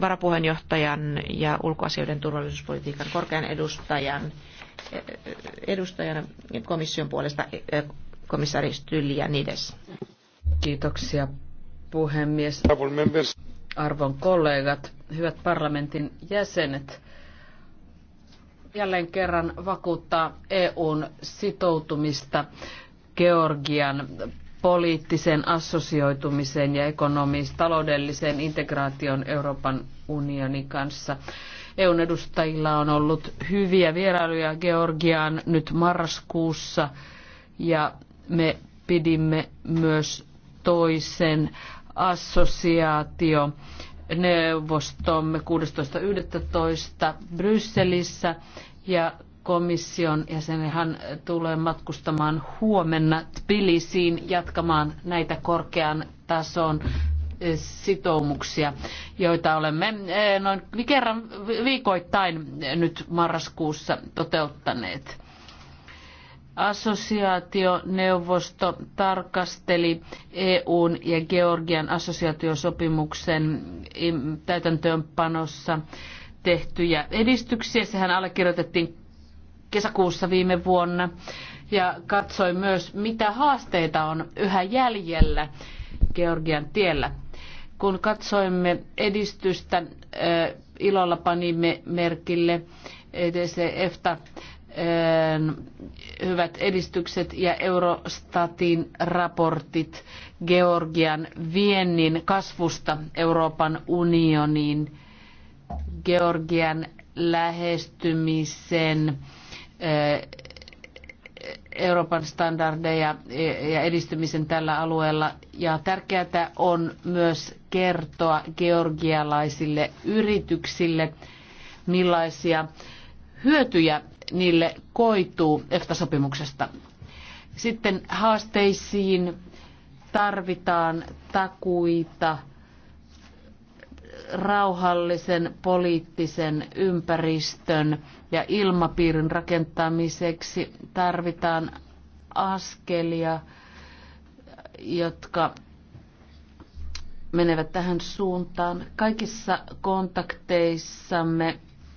varapuheenjohtajan ja ulkoasioiden turvallisuuspolitiikan korkean edustajan edustajana komission puolesta komissaari Stylianides. Kiitoksia puhemies. Arvon kollegat, hyvät parlamentin jäsenet. Jälleen kerran vakuuttaa EUn sitoutumista Georgian poliittisen assosioitumisen ja ekonomis taloudellisen integraation Euroopan unionin kanssa. EUn edustajilla on ollut hyviä vierailuja Georgiaan nyt marraskuussa ja me pidimme myös toisen assosiaatio neuvostomme 16.11. Brysselissä ja komission jäsenihan tulee matkustamaan huomenna Tbilisiin jatkamaan näitä korkean tason eh, sitoumuksia, joita olemme eh, noin kerran viikoittain nyt marraskuussa toteuttaneet. Assosiaationeuvosto tarkasteli EUn ja Georgian assosiaatiosopimuksen täytäntöönpanossa tehtyjä edistyksiä. Sehän allekirjoitettiin kesäkuussa viime vuonna ja katsoi myös, mitä haasteita on yhä jäljellä Georgian tiellä. Kun katsoimme edistystä, ilolla panimme merkille EDCFta e hyvät edistykset ja Eurostatin raportit Georgian viennin kasvusta Euroopan unioniin, Georgian lähestymisen Eh, Euroopan standardeja ja edistymisen tällä alueella. Ja tärkeää on myös kertoa georgialaisille yrityksille, millaisia hyötyjä niille koituu EFTA-sopimuksesta. Sitten haasteisiin tarvitaan takuita rauhallisen poliittisen ympäristön ja ilmapiirin rakentamiseksi tarvitaan askelia, jotka menevät tähän suuntaan. Kaikissa kontakteissamme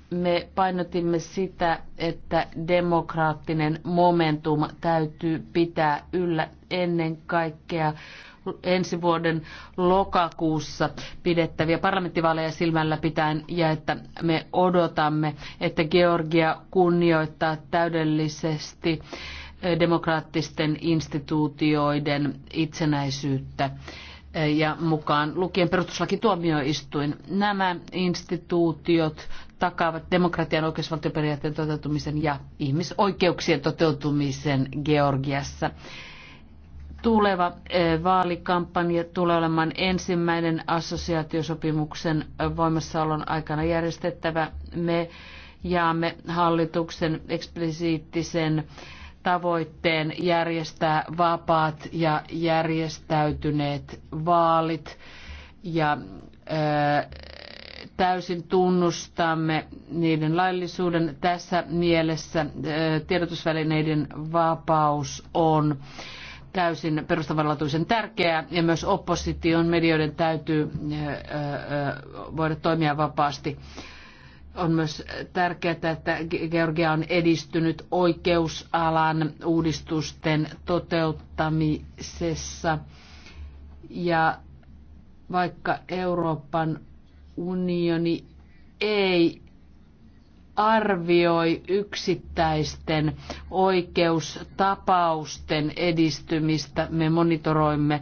me painotimme sitä, että demokraattinen momentum täytyy pitää yllä ennen kaikkea ensi vuoden lokakuussa pidettäviä parlamenttivaaleja silmällä pitäen ja että me odotamme, että Georgia kunnioittaa täydellisesti eh, demokraattisten instituutioiden itsenäisyyttä eh, ja mukaan lukien perustuslakituomioistuin. Nämä instituutiot takaavat demokratian oikeusvaltioperiaatteen toteutumisen ja ihmisoikeuksien toteutumisen Georgiassa tuleva eh, vaalikampanja tulee olemaan ensimmäinen assosiaatiosopimuksen eh, voimassaolon aikana järjestettävä. Me jaamme hallituksen eksplisiittisen tavoitteen järjestää vapaat ja järjestäytyneet vaalit ja eh, täysin tunnustamme niiden laillisuuden. Tässä mielessä tiedotusvälineiden vapaus on täysin perustavanlaatuisen tärkeää ja myös opposition medioiden täytyy voida toimia vapaasti. On myös tärkeää, että Georgia on edistynyt oikeusalan uudistusten toteuttamisessa. Ja vaikka Euroopan unioni ei arvioi yksittäisten oikeustapausten edistymistä. Me monitoroimme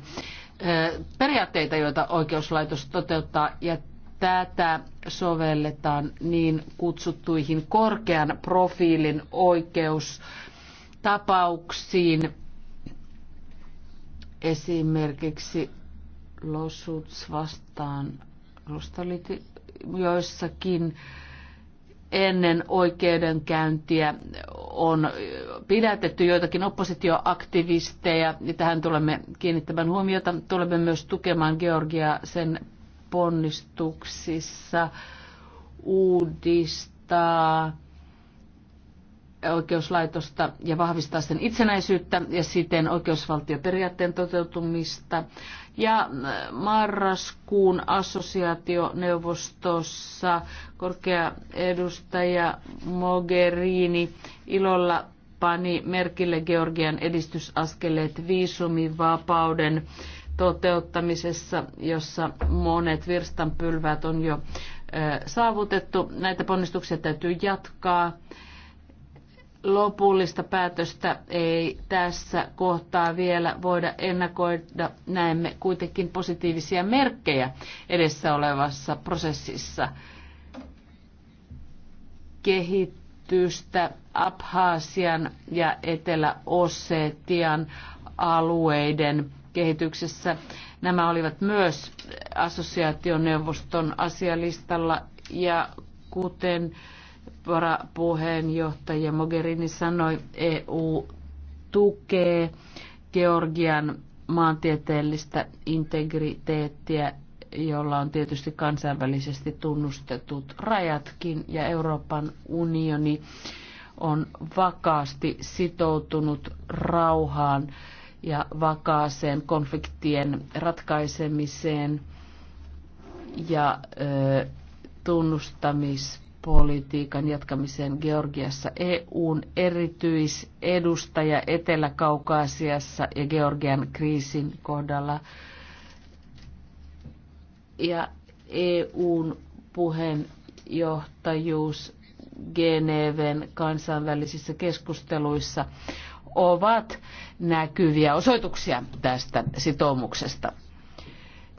periaatteita, joita oikeuslaitos toteuttaa ja tätä sovelletaan niin kutsuttuihin korkean profiilin oikeustapauksiin. Esimerkiksi Losuts vastaan Rostaliti joissakin ennen oikeudenkäyntiä on pidätetty joitakin oppositioaktivisteja. Ja tähän tulemme kiinnittämään huomiota. Tulemme myös tukemaan Georgiaa sen ponnistuksissa uudistaa oikeuslaitosta ja vahvistaa sen itsenäisyyttä ja siten oikeusvaltioperiaatteen toteutumista. Ja äh, marraskuun assosiaationeuvostossa korkea edustaja Mogherini ilolla pani merkille Georgian edistysaskeleet viisumivapauden toteuttamisessa, jossa monet virstanpylvät on jo äh, saavutettu. Näitä ponnistuksia täytyy jatkaa lopullista päätöstä ei tässä kohtaa vielä voida ennakoida. Näemme kuitenkin positiivisia merkkejä edessä olevassa prosessissa. Kehitystä Abhaasian ja Etelä-Ossetian alueiden kehityksessä. Nämä olivat myös assosiaationeuvoston asialistalla ja kuten varapuheenjohtaja Mogherini sanoi, EU tukee Georgian maantieteellistä integriteettiä, jolla on tietysti kansainvälisesti tunnustetut rajatkin, ja Euroopan unioni on vakaasti sitoutunut rauhaan ja vakaaseen konfliktien ratkaisemiseen ja ö, tunnustamis politiikan jatkamiseen Georgiassa. EUn erityisedustaja Etelä-Kaukaasiassa ja Georgian kriisin kohdalla. Ja EUn puheenjohtajuus Geneven kansainvälisissä keskusteluissa ovat näkyviä osoituksia tästä sitoumuksesta.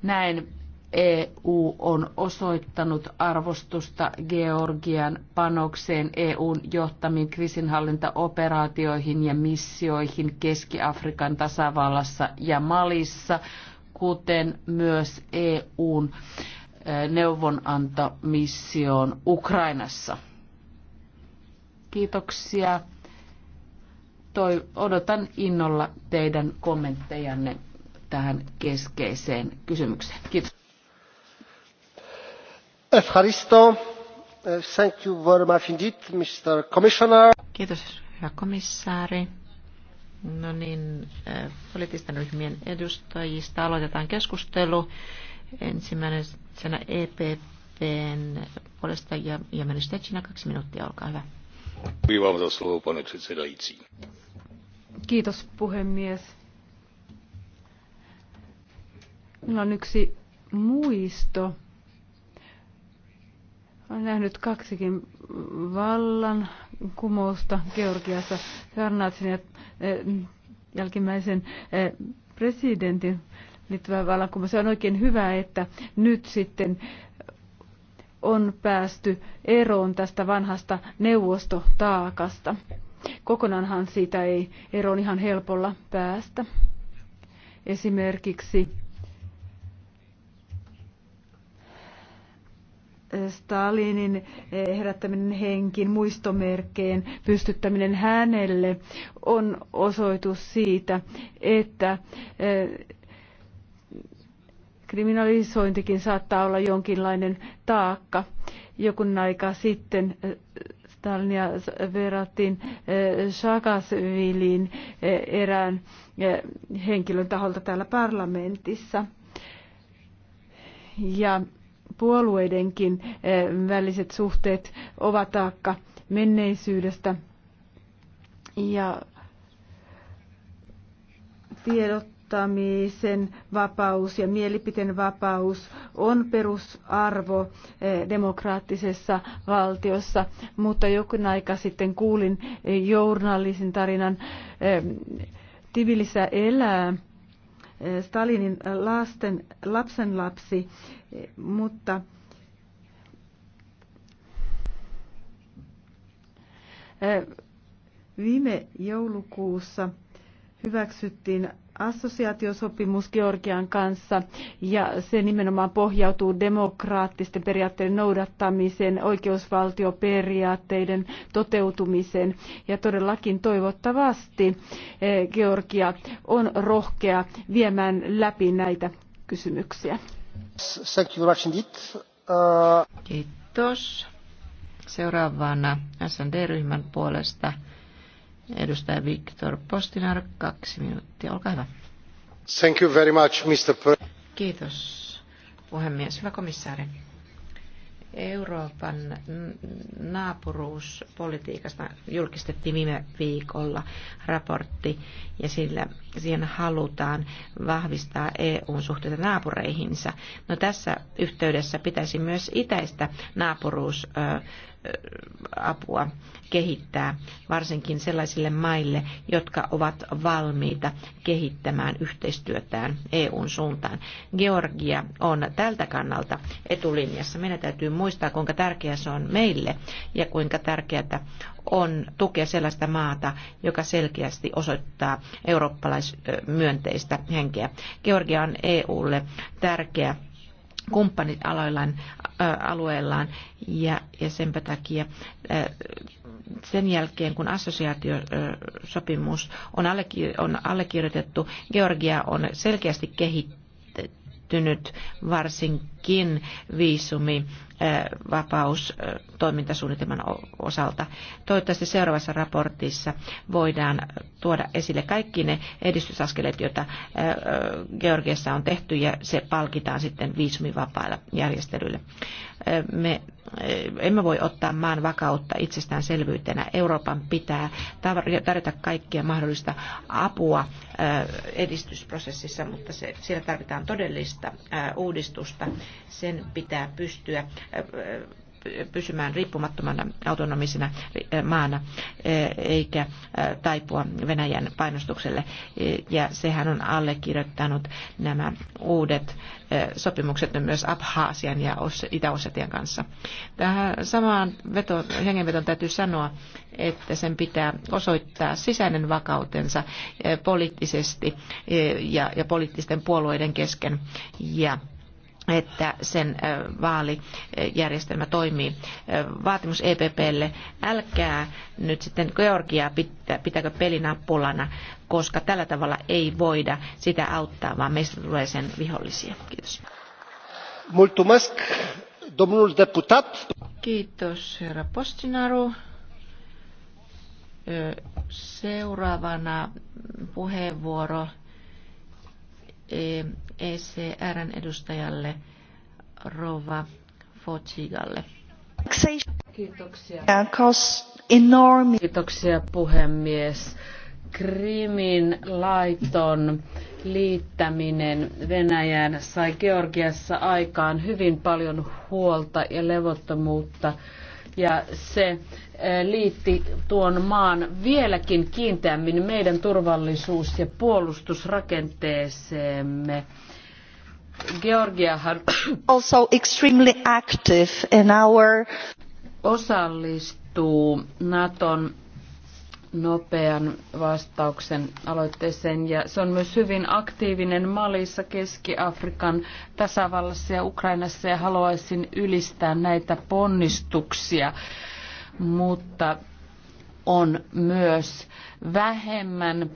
Näin EU on osoittanut arvostusta Georgian panokseen EUn johtamiin kriisinhallintaoperaatioihin ja missioihin Keski-Afrikan tasavallassa ja Malissa, kuten myös EUn neuvonantomissioon Ukrainassa. Kiitoksia. Toi, odotan innolla teidän kommenttejanne tähän keskeiseen kysymykseen. Kiitos. Eh, thank you Mr. Commissioner. Kiitos, hyvä komissaari. No niin, eh, poliittisten ryhmien edustajista aloitetaan keskustelu. Ensimmäisenä EPPn puolesta ja, ja Menestecina kaksi minuuttia, olkaa hyvä. Kiitos puhemies. Minulla on yksi muisto olen nähnyt kaksikin vallan kumousta Georgiassa, Karnatsin ja eh, jälkimmäisen eh, presidentin liittyvä vallankumous. Se on oikein hyvä, että nyt sitten on päästy eroon tästä vanhasta neuvostotaakasta. Kokonaanhan siitä ei eroon ihan helpolla päästä. Esimerkiksi Stalinin herättäminen henkin muistomerkkeen pystyttäminen hänelle on osoitus siitä, että eh, kriminalisointikin saattaa olla jonkinlainen taakka. Jokun aika sitten eh, Stalinia verrattiin Shakasviliin eh, erään henkilön taholta täällä parlamentissa. Ja puolueidenkin eh, väliset suhteet ovat taakka menneisyydestä. Ja tiedottamisen vapaus ja mielipiteen vapaus on perusarvo eh, demokraattisessa valtiossa, mutta jokin aika sitten kuulin eh, journalistin tarinan Tivilissä elää Stalinin lasten, lapsenlapsi, mutta viime joulukuussa hyväksyttiin assosiaatiosopimus Georgian kanssa ja se nimenomaan pohjautuu demokraattisten periaatteiden noudattamiseen, oikeusvaltioperiaatteiden toteutumiseen ja todellakin toivottavasti eh, Georgia on rohkea viemään läpi näitä kysymyksiä. Uh, Kiitos. Seuraavana SND-ryhmän puolesta Edustaja Viktor Postinar, kaksi minuuttia, olkaa hyvä. Thank you very much, Mr. Pre- Kiitos, puhemies. Hyvä komissaari. Euroopan naapuruuspolitiikasta julkistettiin viime viikolla raportti ja sillä siihen halutaan vahvistaa EUn suhteita naapureihinsa. No tässä yhteydessä pitäisi myös itäistä naapuruus Äh, apua kehittää, varsinkin sellaisille maille, jotka ovat valmiita kehittämään yhteistyötään EUn suuntaan. Georgia on tältä kannalta etulinjassa. Meidän täytyy muistaa, kuinka tärkeä se on meille ja kuinka tärkeää on tukea sellaista maata, joka selkeästi osoittaa eurooppalaismyönteistä henkeä. Georgia on EUlle tärkeä kumppanit aloillaan, alueellaan ja, ja senpä takia sen jälkeen, kun assosiaatiosopimus on, allekirjoitettu, Georgia on selkeästi kehittynyt kehittynyt, varsinkin viisumi äh, vapaus äh, toimintasuunnitelman osalta. Toivottavasti seuraavassa raportissa voidaan tuoda esille kaikki ne edistysaskeleet, joita äh, Georgiassa on tehty ja se palkitaan sitten viisumivapailla järjestelyillä. Me emme voi ottaa maan vakautta itsestäänselvyytenä. Euroopan pitää tarjota kaikkia mahdollista apua edistysprosessissa, mutta se, siellä tarvitaan todellista uudistusta. Sen pitää pystyä pysymään riippumattomana autonomisena eh, maana eh, eikä eh, taipua Venäjän painostukselle. Ja sehän on allekirjoittanut nämä uudet sopimukset myös Abhaasian ja Itä-Osetian kanssa. Tähän samaan veto, hengenveton täytyy sanoa, että sen pitää osoittaa sisäinen vakautensa poliittisesti ja, ja poliittisten puolueiden kesken ja että sen vaalijärjestelmä toimii. Vaatimus EPPlle, älkää nyt sitten Georgiaa pitääkö pitäkö pelinappulana, koska tällä tavalla ei voida sitä auttaa, vaan meistä tulee sen vihollisia. Kiitos. Mulțumesc, domnul deputat. Kiitos, herra Postinaru. Seuraavana puheenvuoro ECRn edustajalle Rova Fotigalle. Kiitoksia. Kiitoksia puhemies. Krimin laiton liittäminen Venäjään sai Georgiassa aikaan hyvin paljon huolta ja levottomuutta. Ja se liitti tuon maan vieläkin kiinteämmin meidän turvallisuus- ja puolustusrakenteeseemme. Georgiahan also extremely active in our... osallistuu Naton nopean vastauksen aloitteeseen ja se on myös hyvin aktiivinen Malissa, Keski-Afrikan tasavallassa ja Ukrainassa ja haluaisin ylistää näitä ponnistuksia mutta on myös vähemmän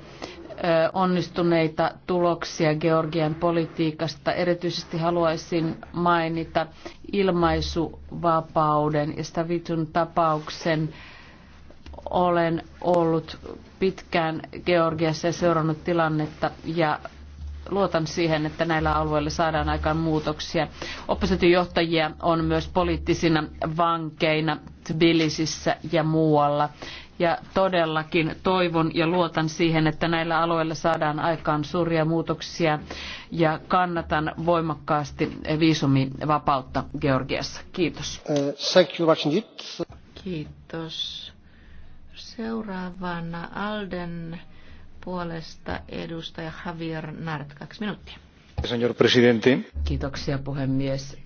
onnistuneita tuloksia Georgian politiikasta. Erityisesti haluaisin mainita ilmaisuvapauden ja Stavitun tapauksen. Olen ollut pitkään Georgiassa ja seurannut tilannetta ja luotan siihen, että näillä alueilla saadaan aikaan muutoksia. Oppositiojohtajia on myös poliittisina vankeina Tbilisissä ja muualla. Ja todellakin toivon ja luotan siihen, että näillä alueilla saadaan aikaan suuria muutoksia ja kannatan voimakkaasti viisumivapautta Georgiassa. Kiitos. Uh, Kiitos. Seuraavana Alden puolesta edustaja Javier Nart, kaksi minuuttia. Señor presidente. Kiitoksia puhemies.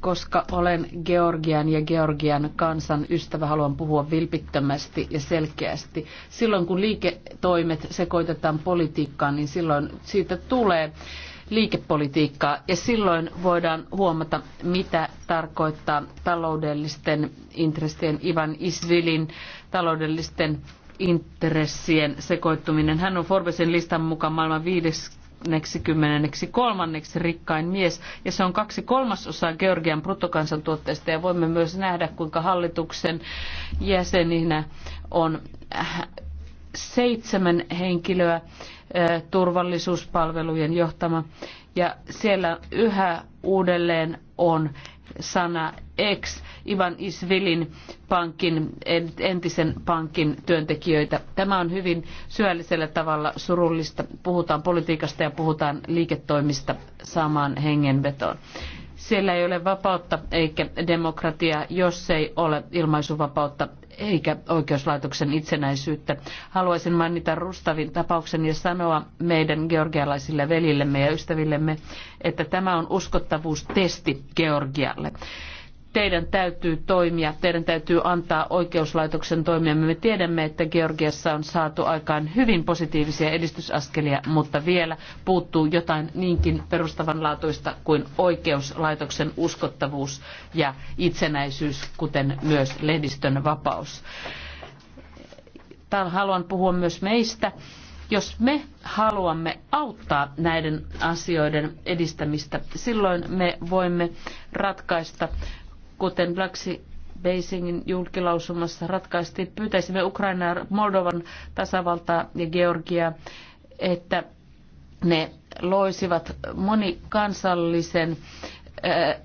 Koska olen Georgian ja Georgian kansan ystävä, haluan puhua vilpittömästi ja selkeästi. Silloin kun liiketoimet sekoitetaan politiikkaan, niin silloin siitä tulee liikepolitiikkaa ja silloin voidaan huomata, mitä tarkoittaa taloudellisten intressien Ivan Isvilin taloudellisten intressien sekoittuminen. Hän on Forbesin listan mukaan maailman 53. rikkain mies, ja se on kaksi kolmasosaa Georgian bruttokansantuotteesta, ja voimme myös nähdä, kuinka hallituksen jäseninä on seitsemän henkilöä turvallisuuspalvelujen johtama. Ja siellä yhä uudelleen on sana ex Ivan Isvilin pankin, entisen pankin työntekijöitä. Tämä on hyvin syöllisellä tavalla surullista. Puhutaan politiikasta ja puhutaan liiketoimista samaan hengenvetoon. Siellä ei ole vapautta eikä demokratiaa, jos ei ole ilmaisuvapautta eikä oikeuslaitoksen itsenäisyyttä. Haluaisin mainita Rustavin tapauksen ja sanoa meidän georgialaisille velillemme ja ystävillemme, että tämä on uskottavuustesti Georgialle teidän täytyy toimia, teidän täytyy antaa oikeuslaitoksen toimia. Me tiedämme, että Georgiassa on saatu aikaan hyvin positiivisia edistysaskelia, mutta vielä puuttuu jotain niinkin perustavanlaatuista kuin oikeuslaitoksen uskottavuus ja itsenäisyys, kuten myös lehdistön vapaus. Täällä haluan puhua myös meistä jos me haluamme auttaa näiden asioiden edistämistä, silloin me voimme ratkaista kuten Black sea Beijingin julkilausumassa ratkaistiin, pyytäisimme Ukrainaa, Moldovan tasavaltaa ja Georgiaa, että ne loisivat monikansallisen äh,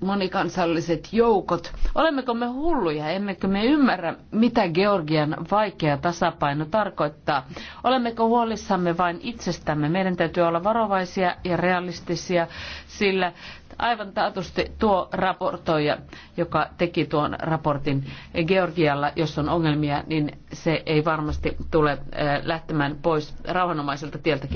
monikansalliset joukot. Olemmeko me hulluja? Emmekö me ymmärrä, mitä Georgian vaikea tasapaino tarkoittaa? Olemmeko huolissamme vain itsestämme? Meidän täytyy olla varovaisia ja realistisia, sillä aivan taatusti tuo raportoija, joka teki tuon raportin Georgialla, jos on ongelmia, niin se ei varmasti tule eh, lähtemään pois rauhanomaiselta tieltä.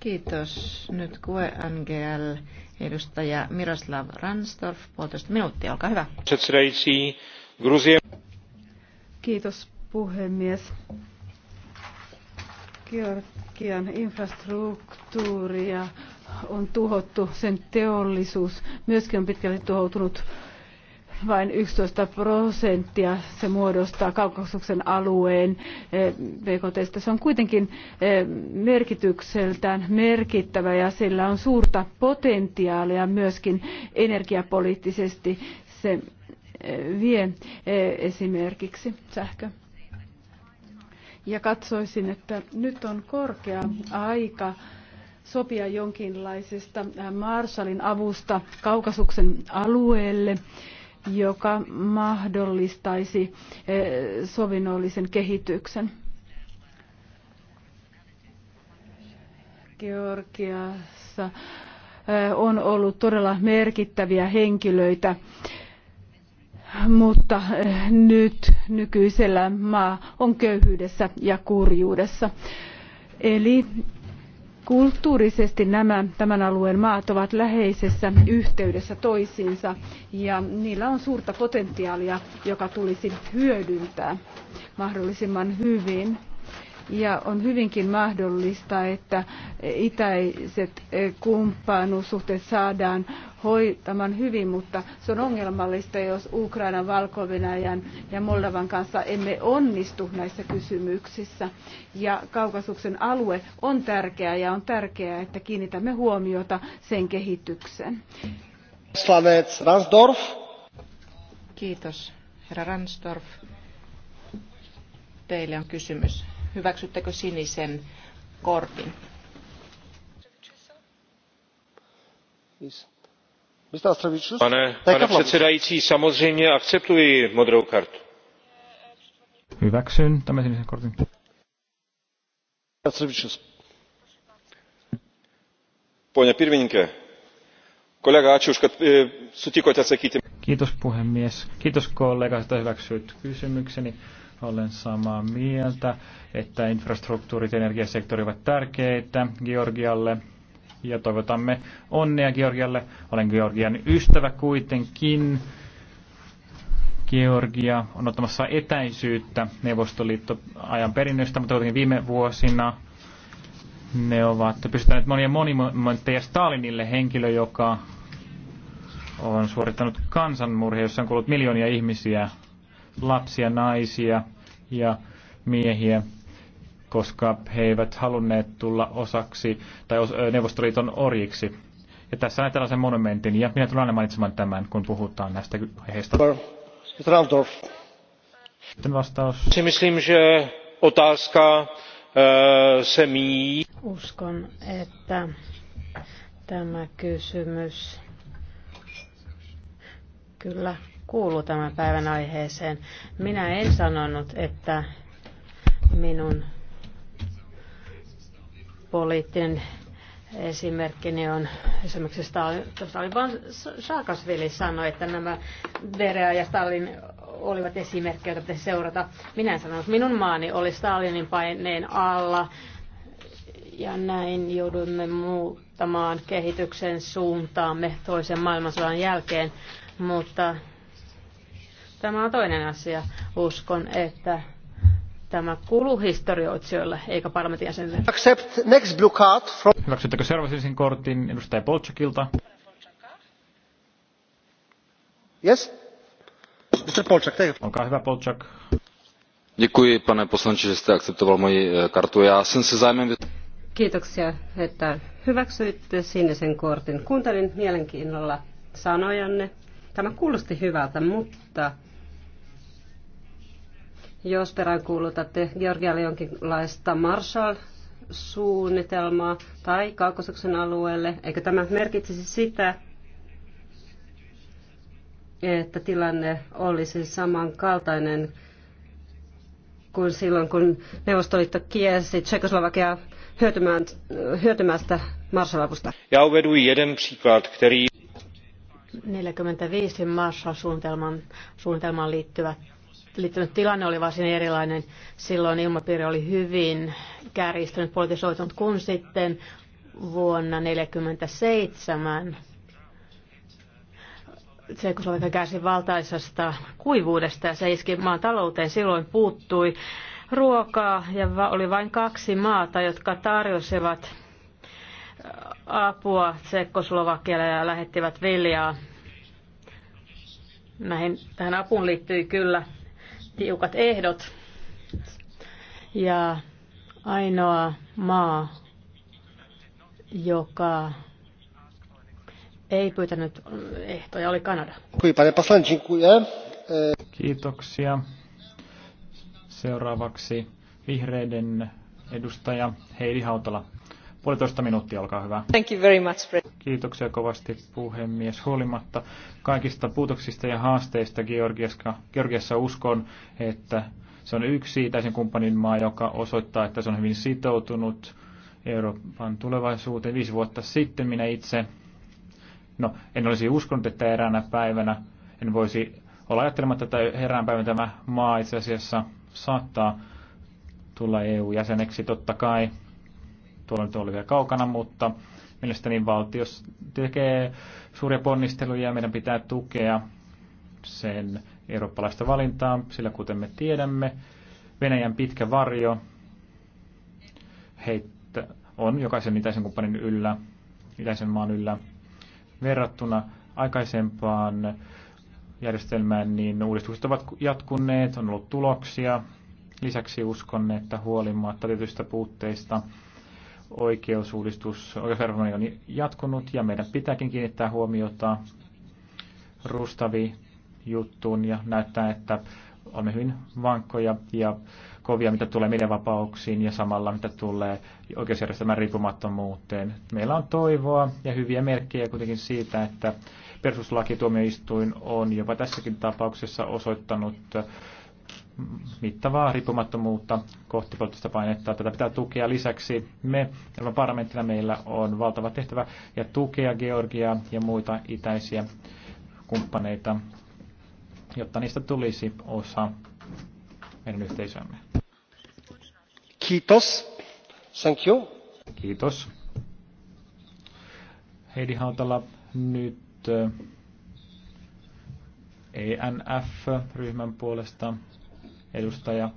Kiitos. Nyt QE NGL edustaja Miroslav Ransdorf, puolitoista minuuttia, olkaa hyvä. Kiitos puhemies. Georgian infrastruktuuri on tuhottu, sen teollisuus myöskin on pitkälti tuhoutunut. Vain 11 prosenttia se muodostaa Kaukasuksen alueen eh, BKT. Se on kuitenkin eh, merkitykseltään merkittävä ja sillä on suurta potentiaalia myöskin energiapoliittisesti. Se eh, vie esimerkiksi sähkö. Ja katsoisin, että nyt on korkea aika sopia jonkinlaisesta Marshallin avusta Kaukasuksen alueelle, joka mahdollistaisi sovinnollisen kehityksen. Georgiassa on ollut todella merkittäviä henkilöitä, mutta nyt nykyisellä maa on köyhyydessä ja kurjuudessa. Eli Kulttuurisesti nämä tämän alueen maat ovat läheisessä yhteydessä toisiinsa ja niillä on suurta potentiaalia, joka tulisi hyödyntää mahdollisimman hyvin. Ja on hyvinkin mahdollista, että itäiset eh, kumppanuussuhteet saadaan hoitamaan hyvin, mutta se on ongelmallista, jos Ukrainan, valko ja Moldavan kanssa emme onnistu näissä kysymyksissä. Ja kaukasuksen alue on tärkeä ja on tärkeää, että kiinnitämme huomiota sen kehitykseen. Slavets Ransdorf. Kiitos, herra Ransdorf. Teille on kysymys. Hyväksyttekö sinisen kortin? Pane, pane předsedající, samozřejmě akceptuji modrou kartu. Hyväksyn tämän sinisen kortin. Pone pirmininkė, kollega, ačiū už, kad se atsakyti. Kiitos puhemies. Kiitos kollega, että hyväksyit kysymykseni. Olen samaa mieltä, että infrastruktuurit ja energiasektori ovat tärkeitä Georgialle ja toivotamme onnea Georgialle. Olen Georgian ystävä kuitenkin. Georgia on ottamassa etäisyyttä Neuvostoliitto-ajan perinnöstä, mutta kuitenkin viime vuosina ne ovat pystyneet monia monimointeja Stalinille henkilö, joka on suorittanut kansanmurhia, jossa on kuullut miljoonia ihmisiä lapsia, naisia ja miehiä, koska he eivät halunneet tulla osaksi tai Neuvostoliiton orjiksi. Ja tässä näet tällaisen monumentin, ja minä tulen aina mainitsemaan tämän, kun puhutaan näistä aiheista. Sitten vastaus. Si myslím, že otázka e, semí. Uskon, että tämä kysymys kyllä kuuluu tämän päivän aiheeseen. Minä en sanonut, että minun poliittinen esimerkkini on esimerkiksi Stalin, Stalin vaan Saakasvili sanoi, että nämä Berea ja Stalin olivat esimerkkejä, joita pitäisi seurata. Minä en sanonut, minun maani oli Stalinin paineen alla ja näin joudumme muuttamaan kehityksen suuntaamme toisen maailmansodan jälkeen, mutta Tämä on toinen asia. Uskon, että tämä kuuluu historioitsijoille eikä parlamentin jäsenille. Accept next blue card from... Hyväksyttekö seuraavaisen kortin edustaja Polchakilta? Yes. Mr. Polchak, Olkaa hyvä, Polchak. Děkuji, pane poslanče, že jste akceptoval moji eh, kartu. Já jsem se zájmem... Kiitoksia, että hyväksyitte sinisen kortin. Kuuntelin mielenkiinnolla sanojanne. Tämä kuulosti hyvältä, mutta jos peräänkuulutatte Georgialle jonkinlaista Marshall-suunnitelmaa tai Kaukosuksen alueelle, eikö tämä merkitsisi sitä, että tilanne olisi samankaltainen kuin silloin, kun Neuvostoliitto kiesi Tsekoslovakia hyötymästä Marshall-avusta. Ja uvedu jeden příklad, který... 45 Marshall-suunnitelmaan liittyvät liittynyt tilanne oli varsin erilainen. Silloin ilmapiiri oli hyvin kärjistynyt, politisoitunut, kun sitten vuonna 1947 Tsekoslovakia kärsi valtaisesta kuivuudesta ja se iski maan talouteen. Silloin puuttui ruokaa ja oli vain kaksi maata, jotka tarjosivat äh, apua Tsekoslovakialle ja lähettivät viljaa. Näihin, tähän apuun liittyi kyllä tiukat ehdot. Ja ainoa maa, joka ei pyytänyt ehtoja, oli Kanada. Kiitoksia. Seuraavaksi vihreiden edustaja Heidi Hautala. Puolitoista minuuttia, olkaa hyvä. Thank you very much, Kiitoksia kovasti puhemies. Huolimatta kaikista puutoksista ja haasteista Georgiassa, Georgiassa uskon, että se on yksi itäisen kumppanin maa, joka osoittaa, että se on hyvin sitoutunut Euroopan tulevaisuuteen. Viisi vuotta sitten minä itse, no en olisi uskonut, että eräänä päivänä en voisi olla ajattelematta, että erään päivänä tämä maa itse asiassa saattaa tulla EU-jäseneksi totta kai tuolla nyt oli vielä kaukana, mutta mielestäni valtio tekee suuria ponnisteluja ja meidän pitää tukea sen eurooppalaista valintaa, sillä kuten me tiedämme, Venäjän pitkä varjo heittä on jokaisen itäisen kumppanin yllä, itäisen maan yllä verrattuna aikaisempaan järjestelmään, niin uudistukset ovat jatkuneet, on ollut tuloksia. Lisäksi uskon, että huolimatta tietyistä puutteista Oikeusuudistus oikeusreformi on jatkunut ja meidän pitääkin kiinnittää huomiota rustavi juttuun ja näyttää, että olemme hyvin vankkoja ja kovia, mitä tulee medianvapauksiin ja samalla mitä tulee oikeusjärjestelmän riippumattomuuteen. Meillä on toivoa ja hyviä merkkejä kuitenkin siitä, että perustuslakituomioistuin on jopa tässäkin tapauksessa osoittanut mittavaa riippumattomuutta kohti poliittista painetta. Tätä pitää tukea. Lisäksi me Euroopan parlamenttina meillä on valtava tehtävä ja tukea Georgiaa ja muita itäisiä kumppaneita, jotta niistä tulisi osa meidän yhteisömme. Kiitos. Thank you. Kiitos. Heidi Hautala, nyt ENF-ryhmän eh, e puolesta edustaja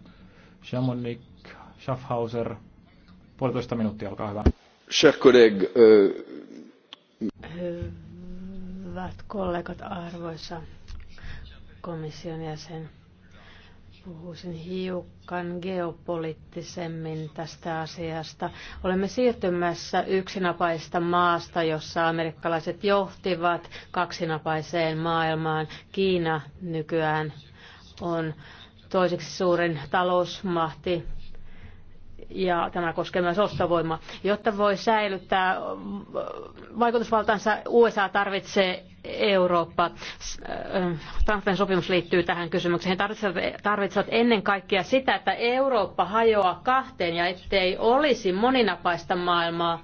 Shamonik Schaffhauser. Puolitoista minuuttia, olkaa hyvä. Cher collègue, euh, Hyvät kollegat, arvoisa komission jäsen, puhuisin hiukan geopoliittisemmin tästä asiasta. Olemme siirtymässä yksinapaista maasta, jossa amerikkalaiset johtivat kaksinapaiseen maailmaan. Kiina nykyään on toiseksi suurin talousmahti ja tämä koskee myös ostovoimaa. Jotta voi säilyttää vaikutusvaltaansa, USA tarvitsee Eurooppa. Äh, Tanskan sopimus liittyy tähän kysymykseen. He tarvitsevat, tarvitsevat ennen kaikkea sitä, että Eurooppa hajoaa kahteen ja ettei olisi moninapaista maailmaa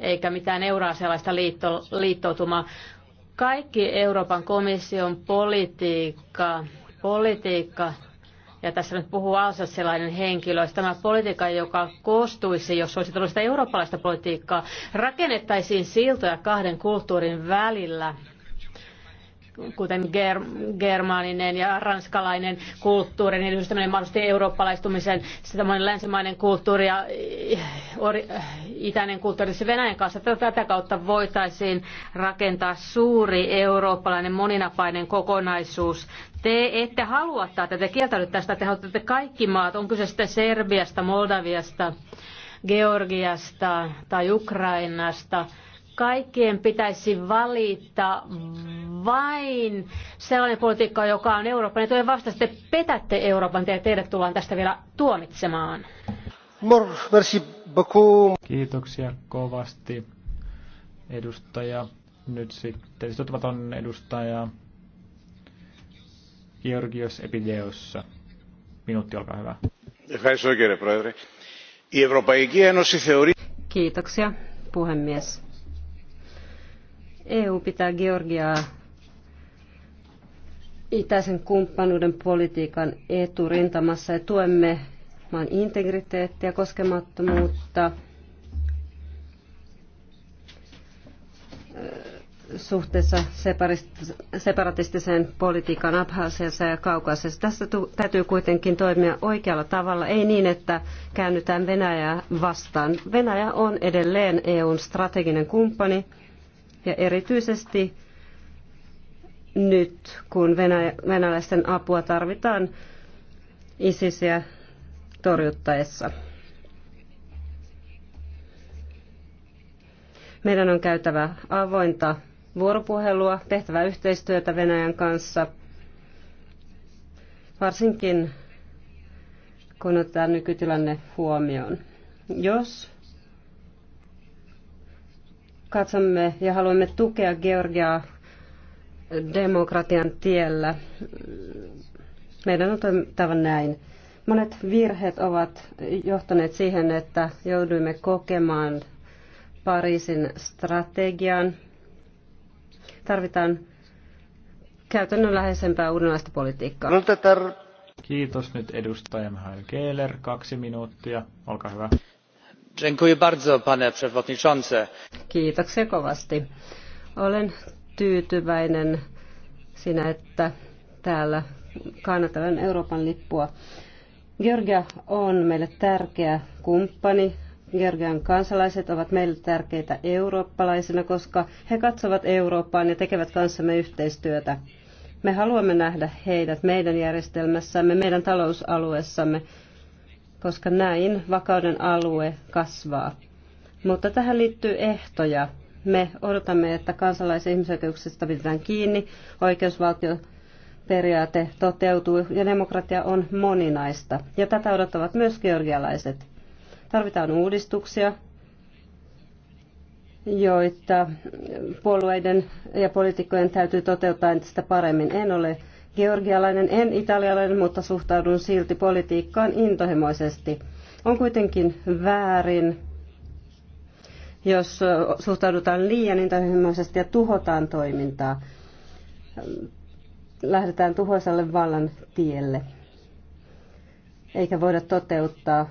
eikä mitään euroasialaista liitto, liittoutumaa. Kaikki Euroopan komission politiikka, politiikka ja tässä nyt puhuu alsassilainen henkilö, jos siis tämä politiikka, joka koostuisi, jos olisi tällaista eurooppalaista politiikkaa, rakennettaisiin siltoja kahden kulttuurin välillä – kuten ger- germaaninen ja ranskalainen kulttuuri, just tämmöinen mahdollisesti eurooppalaistumisen, sitten länsimainen kulttuuri ja eh, eh, itäinen kulttuuri se siis Venäjän kanssa. Tätä kautta voitaisiin rakentaa suuri eurooppalainen moninapainen kokonaisuus. Te ette halua tätä, te kieltäydytte tästä, te haluatte kaikki maat, on kyse sitten Serbiasta, Moldaviasta, Georgiasta tai Ukrainasta kaikkien pitäisi valita vain sellainen politiikka, joka on Euroopan ja vasta sitten petätte Euroopan ja teidät tullaan tästä vielä tuomitsemaan. Kiitoksia kovasti, edustaja. Nyt sitten sitoutuvat on edustaja Georgios Epideossa. Minuutti, olkaa hyvä. Kiitoksia, puhemies EU pitää Georgiaa itäisen kumppanuuden politiikan eturintamassa ja tuemme maan integriteettiä, koskemattomuutta, suhteessa separatistiseen politiikan Abhasiassa ja Kaukaisessa. Tässä täytyy kuitenkin toimia oikealla tavalla, ei niin, että käännytään Venäjää vastaan. Venäjä on edelleen EUn strateginen kumppani ja erityisesti nyt, kun venäläisten apua tarvitaan ISISiä torjuttaessa. Meidän on käytävä avointa vuoropuhelua, tehtävä yhteistyötä Venäjän kanssa, varsinkin kun otetaan nykytilanne huomioon. Jos katsomme ja haluamme tukea Georgiaa demokratian tiellä. Meidän on toimittava näin. Monet virheet ovat johtaneet siihen, että jouduimme kokemaan Pariisin strategian. Tarvitaan käytännönläheisempää uudenlaista politiikkaa. Kiitos nyt edustaja Mihail Keeler, kaksi minuuttia. Olkaa hyvä panie przewodniczący! Olen tyytyväinen siinä, että täällä kannatetaan Euroopan lippua. Georgia on meille tärkeä kumppani. Georgian kansalaiset ovat meille tärkeitä eurooppalaisina, koska he katsovat Eurooppaan ja tekevät kanssamme yhteistyötä. Me haluamme nähdä heidät meidän järjestelmässämme, meidän talousalueessamme koska näin vakauden alue kasvaa. Mutta tähän liittyy ehtoja. Me odotamme, että kansalais- ja ihmisoikeuksista pidetään kiinni, oikeusvaltioperiaate toteutuu ja demokratia on moninaista. Ja tätä odottavat myös georgialaiset. Tarvitaan uudistuksia, joita puolueiden ja poliitikkojen täytyy toteuttaa entistä paremmin. En ole georgialainen, en italialainen, mutta suhtaudun silti politiikkaan intohimoisesti. On kuitenkin väärin, jos suhtaudutaan liian intohimoisesti ja tuhotaan toimintaa. Lähdetään tuhoisalle vallan tielle. Eikä voida toteuttaa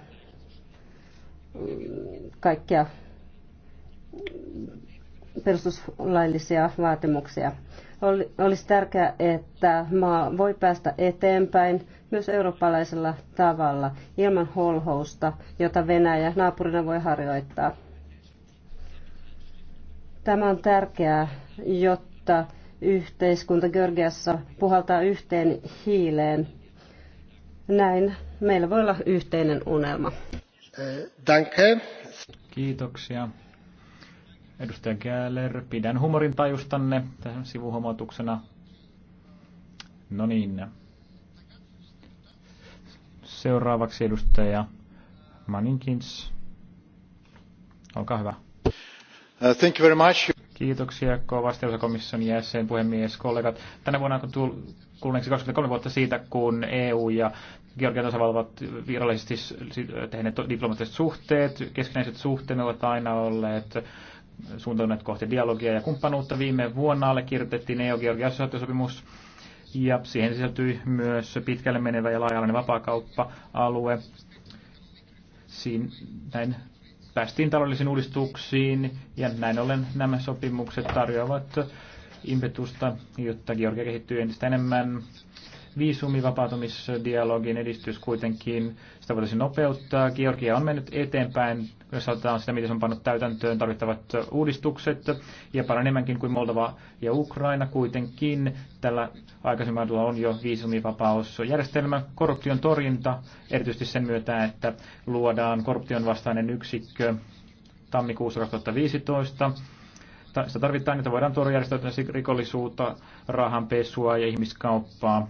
kaikkia perustuslaillisia vaatimuksia. Olisi tärkeää, että maa voi päästä eteenpäin myös eurooppalaisella tavalla ilman holhousta, jota Venäjä naapurina voi harjoittaa. Tämä on tärkeää, jotta yhteiskunta Georgiassa puhaltaa yhteen hiileen. Näin meillä voi olla yhteinen unelma. Äh, danke. Kiitoksia. Edustaja Gäller, pidän humorintajustanne tähän sivuhomotuksena. No niin. Seuraavaksi edustaja Maninkins. Olkaa hyvä. Uh, thank you very much. Kiitoksia kovasti komission jäsen, puhemies, kollegat. Tänä vuonna on kuluneeksi 23 vuotta siitä, kun EU ja Georgian tasavalta ovat virallisesti tehneet diplomaattiset suhteet, keskinäiset suhteet ovat aina olleet suuntautuneet kohti dialogia ja kumppanuutta. Viime vuonna allekirjoitettiin EU-Georgian sopimus ja siihen sisältyi myös pitkälle menevä ja laaja-alainen vapaakauppa-alue. Siin, näin päästiin taloudellisiin uudistuksiin ja näin ollen nämä sopimukset tarjoavat impetusta, jotta Georgia kehittyy entistä enemmän viisumivapautumisdialogin edistys kuitenkin, sitä voitaisiin nopeuttaa. Georgia on mennyt eteenpäin, jos otetaan sitä, miten se on pannut täytäntöön tarvittavat uudistukset, ja paljon enemmänkin kuin Moldova ja Ukraina kuitenkin. Tällä aikaisemmalla on jo viisumivapausjärjestelmä, korruption torjunta, erityisesti sen myötä, että luodaan korruption vastainen yksikkö tammikuussa 2015, sitä tarvitaan, että voidaan torjua järjestäytyneessä rikollisuutta, rahanpesua ja ihmiskauppaa.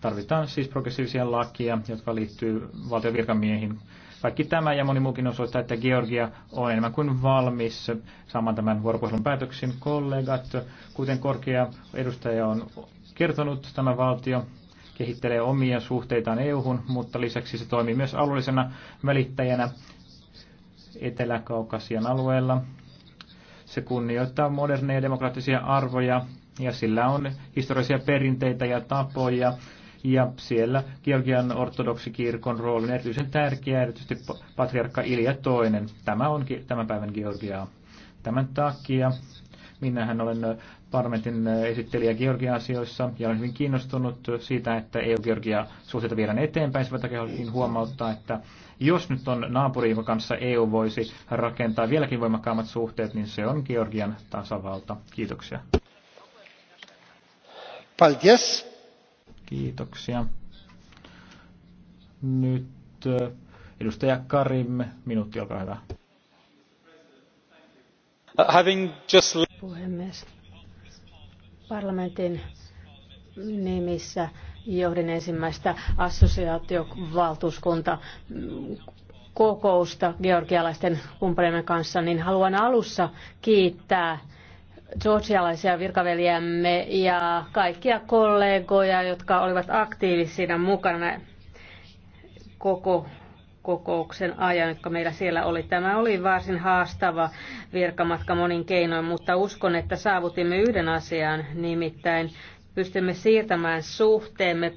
Tarvitaan siis progressiivisia lakia, jotka liittyy valtion virkamiehiin. Kaikki tämä ja moni muukin osoittaa, että Georgia on enemmän kuin valmis saamaan tämän vuoropuhelun päätöksen. Kollegat, kuten korkea edustaja on kertonut, tämä valtio kehittelee omia suhteitaan EU-hun, mutta lisäksi se toimii myös alueellisena välittäjänä Etelä-Kaukasian alueella. Se kunnioittaa moderneja demokraattisia arvoja ja sillä on historiallisia perinteitä ja tapoja ja siellä Georgian ortodoksikirkon rooli on erityisen tärkeä, erityisesti patriarkka Ilja toinen. Tämä on tämän päivän Georgiaa. Tämän takia minähän olen parlamentin esittelijä Georgian asioissa ja olen hyvin kiinnostunut siitä, että EU-Georgia suhteita viedään eteenpäin. Sen takia haluaisin huomauttaa, että jos nyt on naapuri, jonka kanssa EU voisi rakentaa vieläkin voimakkaammat suhteet, niin se on Georgian tasavalta. Kiitoksia. Paldies. Kiitoksia. Nyt äh, edustaja Karim, minuutti, olkaa hyvä. Uh, having just... Puhemies, parlamentin nimissä johdin ensimmäistä assosiaatiovaltuuskunta kokousta georgialaisten kumppaneiden kanssa, niin haluan alussa kiittää georgialaisia virkaveljämme ja kaikkia kollegoja, jotka olivat aktiivisina mukana koko kokouksen ajan, jotka meillä siellä oli. Tämä oli varsin haastava virkamatka monin keinoin, mutta uskon, että saavutimme yhden asian, nimittäin pystymme siirtämään suhteemme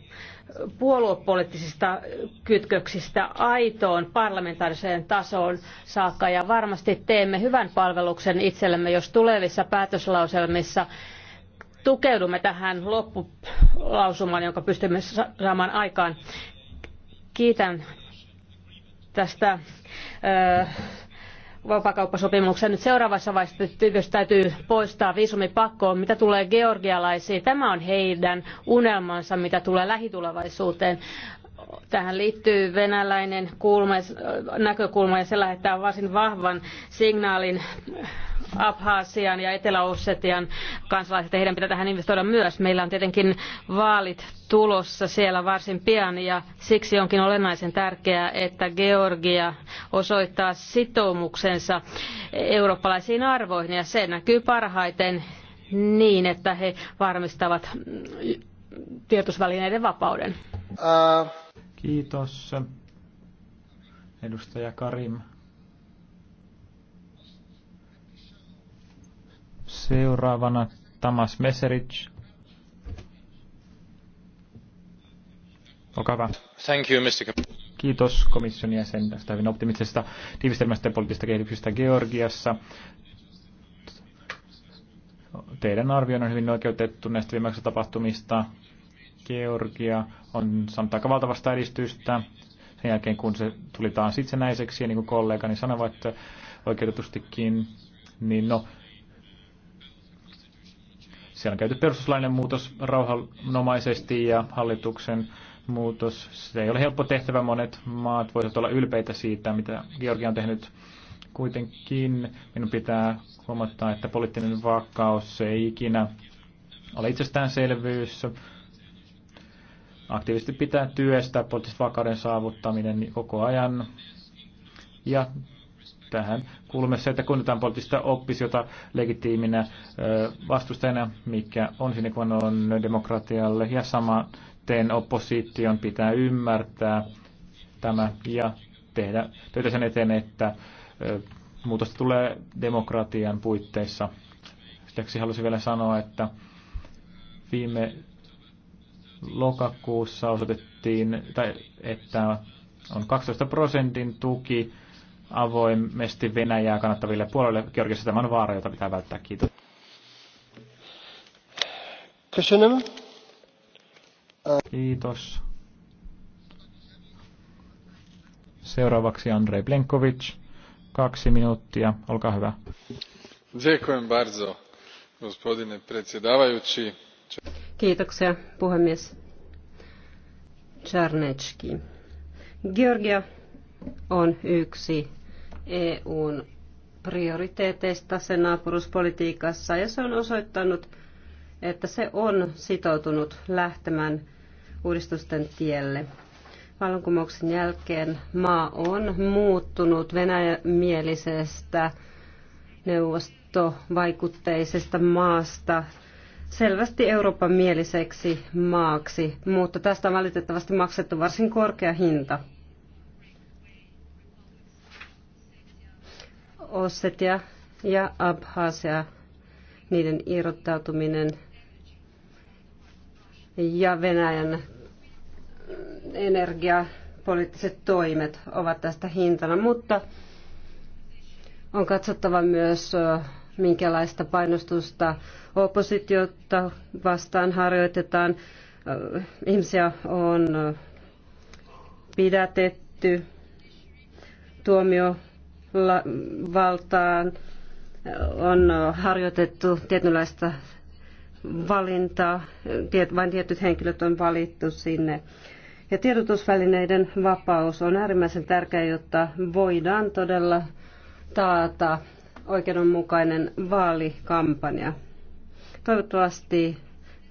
puoluepoliittisista kytköksistä aitoon parlamentaariseen tasoon saakka ja varmasti teemme hyvän palveluksen itsellemme, jos tulevissa päätöslauselmissa tukeudumme tähän loppulausumaan, jonka pystymme saamaan aikaan. Kiitän tästä vapakauppasopimuksen. Nyt seuraavassa vaiheessa tietysti täytyy poistaa viisumipakkoon, mitä tulee georgialaisiin. Tämä on heidän unelmansa, mitä tulee lähitulevaisuuteen. Tähän liittyy venäläinen kulma, näkökulma ja se lähettää varsin vahvan signaalin Abhaasian ja Etelä-Ossetian kansalaiset, heidän pitää tähän investoida myös. Meillä on tietenkin vaalit tulossa siellä varsin pian ja siksi onkin olennaisen tärkeää, että Georgia osoittaa sitoumuksensa eurooppalaisiin arvoihin ja se näkyy parhaiten niin, että he varmistavat tiedotusvälineiden vapauden. Ää... Äh. Kiitos. Edustaja Karim. Seuraavana Tamas Meserich. Olkaa hyvä. Thank you, Mr. Kiitos komission jäsen tästä hyvin optimistisesta tiivistelmästä ja poliittisesta kehityksestä Georgiassa. Teidän arvio on hyvin oikeutettu näistä viimeisistä tapahtumista Georgia on saanut aika valtavasta edistystä sen jälkeen, kun se tuli taas itsenäiseksi, ja niin kuin kollegani että oikeutetustikin, niin no, siellä on käyty perustuslainen muutos rauhanomaisesti ja hallituksen muutos. Se ei ole helppo tehtävä. Monet maat voivat olla ylpeitä siitä, mitä Georgia on tehnyt. Kuitenkin minun pitää huomata, että poliittinen vakaus ei ikinä ole itsestäänselvyys. Aktiivisesti pitää työstää poliittisen vakauden saavuttaminen koko ajan. Ja tähän kuulumme se, että kunnitetaan poliittista oppis, jota legitiiminä vastustajana, mikä on sinne kun on demokratialle. Ja samaten opposition pitää ymmärtää tämä ja tehdä töitä sen eteen, että muutosta tulee demokratian puitteissa. Lisäksi halusin vielä sanoa, että viime Lokakuussa osoitettiin, tai, että on 12 prosentin tuki avoimesti Venäjää kannattaville puolelle. Georgiassa tämä on vaara, jota pitää välttää. Kiitos. Kiitos. Seuraavaksi Andrei Plenkovic. Kaksi minuuttia, olkaa hyvä. Dziękuję bardzo, gospodine predsjedavajući. Kiitoksia, puhemies Czarnecki. Georgia on yksi EUn prioriteeteista sen naapuruspolitiikassa ja se on osoittanut, että se on sitoutunut lähtemään uudistusten tielle. Vallankumouksen jälkeen maa on muuttunut venäjämielisestä neuvostovaikutteisesta maasta selvästi Euroopan mieliseksi maaksi, mutta tästä on valitettavasti maksettu varsin korkea hinta. Ossetia ja Abhasia, niiden irrottautuminen ja Venäjän energiapoliittiset toimet ovat tästä hintana, mutta on katsottava myös minkälaista painostusta oppositiota vastaan harjoitetaan. Ihmisiä on pidätetty tuomiovaltaan, on harjoitettu tietynlaista valintaa, vain tietyt henkilöt on valittu sinne. Ja tiedotusvälineiden vapaus on äärimmäisen tärkeä, jotta voidaan todella taata oikeudenmukainen vaalikampanja. Toivottavasti